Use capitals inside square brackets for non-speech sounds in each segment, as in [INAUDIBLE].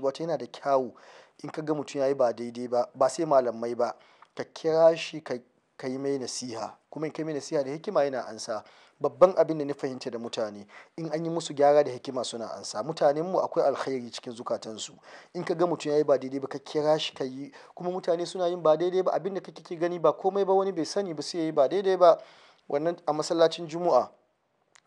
wato yana da kyawu in ka ga mutum ya yi ba daidai ba ba sai malamai ba ka kira shi ka yi mai nasiha kuma in ka yi mai nasiha da hikima yana ansa babban abin da na fahimta da mutane in an yi musu gyara da hikima suna ansa mutanen mu akwai alkhairi cikin zukatansu in ka ga mutum ya yi ba daidai ba ka kira shi ka yi kuma mutane suna yin ba daidai ba abin da kake gani ba komai ba wani bai sani ba sai ya yi ba daidai ba wannan a masallacin juma'a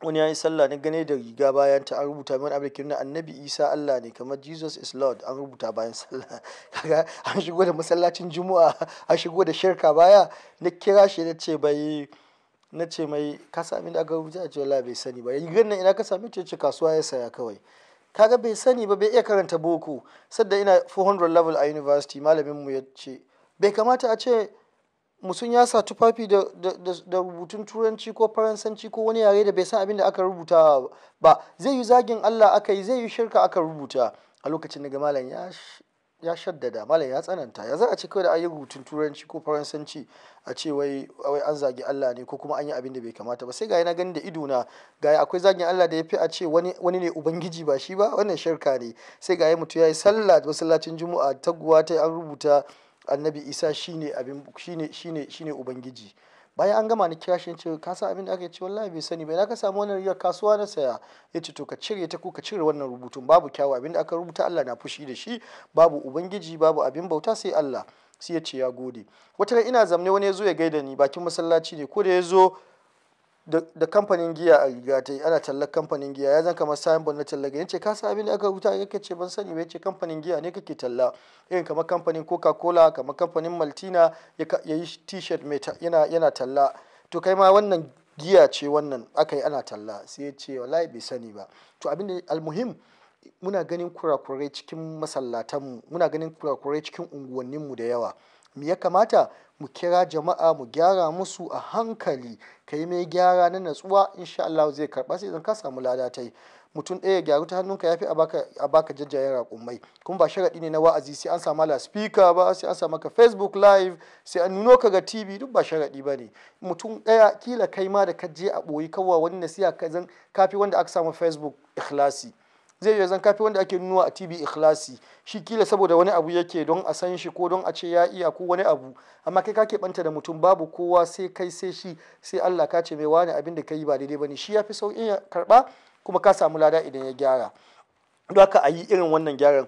wani ya yi sallah na gane da riga bayan ta an rubuta min abin kirna annabi isa allah ne kamar jesus is lord an rubuta bayan sallah [LAUGHS] kaga an shigo da masallacin juma'a an shigo da shirka baya na kira shi na ce bai na ce mai ka sami da aka rubuta a cewa la bai sani ba yi nan ina ka sami ce ce kasuwa ya saya kawai kaga bai sani ba bai iya karanta boko sadda ina 400 level a university malamin mu ya ce bai kamata a ce mutum ya sa tufafi da, rubutun turanci ko faransanci ko wani yare da bai san abin da aka rubuta ba zai yi zagin Allah aka yi zai yi shirka aka rubuta a lokacin daga malam ya shaddada malam ya tsananta ya za a ce kawai da an yi rubutun turanci ko faransanci a ce wai an zagi Allah ne ko kuma an yi abin da bai kamata ba sai ga na gani da ido na ga akwai zagin Allah da ya fi a ce wani ne ubangiji ba shi ba wannan shirka ne sai ga mutum ya yi sallah masallacin juma'a taguwa ta an rubuta annabi isa shine abin shine shine shine ubangiji bayan an gama ni kira shi ce ka san abin da aka ce wallahi bai sani bai na ka samu wannan riyar kasuwa na saya ya ce to ka cire ta ko ka cire wannan rubutun babu kyawu abin da aka rubuta Allah na fushi da shi babu ubangiji babu abin bauta sai Allah sai ya ce ya gode wata ina zamne wani ya zo ya gaida ni bakin masallaci ne ko da ya zo da kamfanin giya a riga ta yi ana tallar kamfanin giya ya zan kamar sayan bonnet na talla ce yace ka abin da aka rubuta yake ce ban sani ba ce kamfanin giya ne kake talla irin kamar kamfanin coca cola kamar kamfanin maltina ya yi t-shirt mai yana talla to kai ma wannan giya ce wannan aka yi ana talla sai ya ce wallahi bai sani ba to abin da almuhim muna ganin kurakurai cikin masallatanmu muna ganin kurakurai cikin unguwanninmu da yawa me ya kamata mu kira jama'a mu gyara musu a hankali ka yi mai gyara na natsuwa insha Allah zai karba sai idan ka samu lada ta yi mutum ɗaya gyaru ta hannunka ya fi a baka jajjayen raƙumai kuma ba sharaɗi ne na wa'azi sai an sama la speaker ba sai an samu ka facebook live sai an nuno ka ga tv duk ba sharaɗi ba ne mutum ɗaya kila kai ma da ka je a ɓoyi kawai wani nasiha ka zan kafi wanda aka samu facebook ikhlasi zai yi zan kafi wanda ake nuna a tv ikhlasi shi kila saboda wani abu yake don a san shi ko don a ce ya iya ko wani abu amma kai kake banta da mutum babu kowa sai kai sai shi sai allah ka ce mai wani abin da ka yi ba daidai ba ne shi ya fi sauƙin ya karɓa kuma ka samu lada idan ya gyara don haka a yi irin wannan gyaran